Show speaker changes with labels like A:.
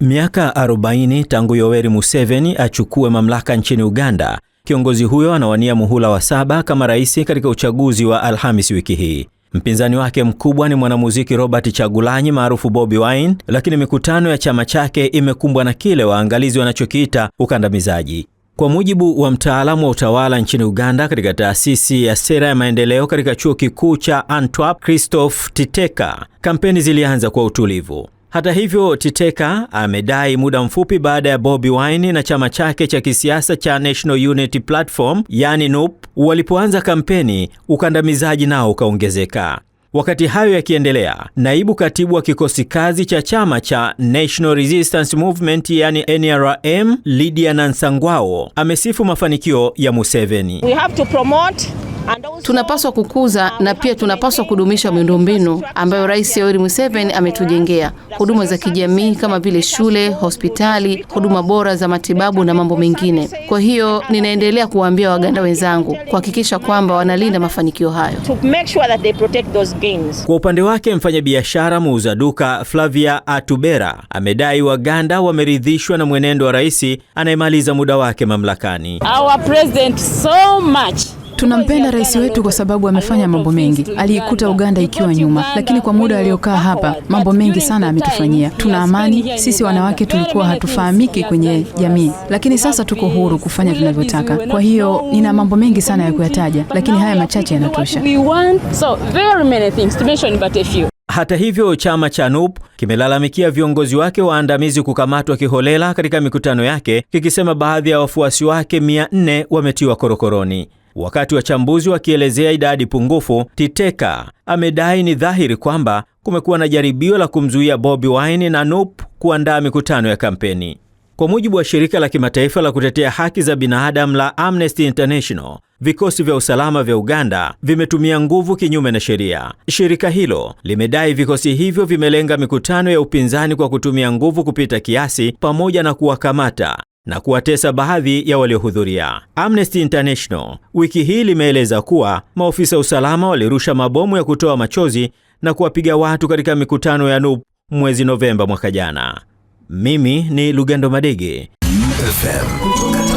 A: Miaka 40 tangu Yoweri Museveni achukue mamlaka nchini Uganda, kiongozi huyo anawania muhula wa saba kama rais katika uchaguzi wa Alhamis wiki hii. Mpinzani wake mkubwa ni mwanamuziki Robert Chagulanyi maarufu Bobi Wine, lakini mikutano ya chama chake imekumbwa na kile waangalizi wanachokiita ukandamizaji. Kwa mujibu wa mtaalamu wa utawala nchini Uganda katika taasisi ya sera ya maendeleo katika chuo kikuu cha Antwerp, Christophe Titeka, kampeni zilianza kwa utulivu. Hata hivyo, Titeka amedai muda mfupi baada ya Bobi Wine na chama chake cha kisiasa cha National Unity Platform, yani NUP, walipoanza kampeni, ukandamizaji nao ukaongezeka. Wakati hayo yakiendelea, naibu katibu wa kikosi kazi cha chama cha National Resistance Movement yani NRM, Lydia Nansangwao amesifu mafanikio ya Museveni.
B: We have to promote Tunapaswa kukuza na pia tunapaswa kudumisha miundombinu ambayo Rais Yoweri Museveni ametujengea, huduma za kijamii kama vile shule, hospitali, huduma bora za matibabu na mambo mengine. Kwa hiyo ninaendelea kuwaambia Waganda wenzangu kuhakikisha kwamba wanalinda mafanikio hayo.
A: Kwa upande wake, mfanyabiashara muuza duka Flavia Atubera amedai Waganda wameridhishwa na mwenendo wa rais anayemaliza muda wake mamlakani.
B: Our president so much. Tunampenda rais wetu kwa sababu amefanya mambo mengi. Aliikuta Uganda ikiwa nyuma, lakini kwa muda aliokaa hapa mambo mengi sana ametufanyia. Tuna amani, sisi wanawake tulikuwa hatufahamiki kwenye jamii, lakini sasa tuko huru kufanya tunavyotaka. Kwa hiyo nina mambo mengi sana ya kuyataja, lakini haya machache yanatosha.
A: Hata hivyo chama cha NUP kimelalamikia viongozi wake waandamizi kukamatwa kiholela katika mikutano yake, kikisema baadhi ya wafuasi wake 400 wametiwa korokoroni. Wakati wachambuzi wakielezea idadi pungufu, Titeka amedai ni dhahiri kwamba kumekuwa na jaribio la kumzuia Bobi Wine na NUP kuandaa mikutano ya kampeni. Kwa mujibu wa shirika la kimataifa la kutetea haki za binadamu la Amnesty International, vikosi vya usalama vya Uganda vimetumia nguvu kinyume na sheria. Shirika hilo limedai vikosi hivyo vimelenga mikutano ya upinzani kwa kutumia nguvu kupita kiasi pamoja na kuwakamata, na kuwatesa baadhi ya waliohudhuria. Amnesty International wiki hii limeeleza kuwa maofisa usalama walirusha mabomu ya kutoa machozi na kuwapiga watu katika mikutano ya NUP mwezi Novemba mwaka jana. Mimi ni Lugendo Madege FM.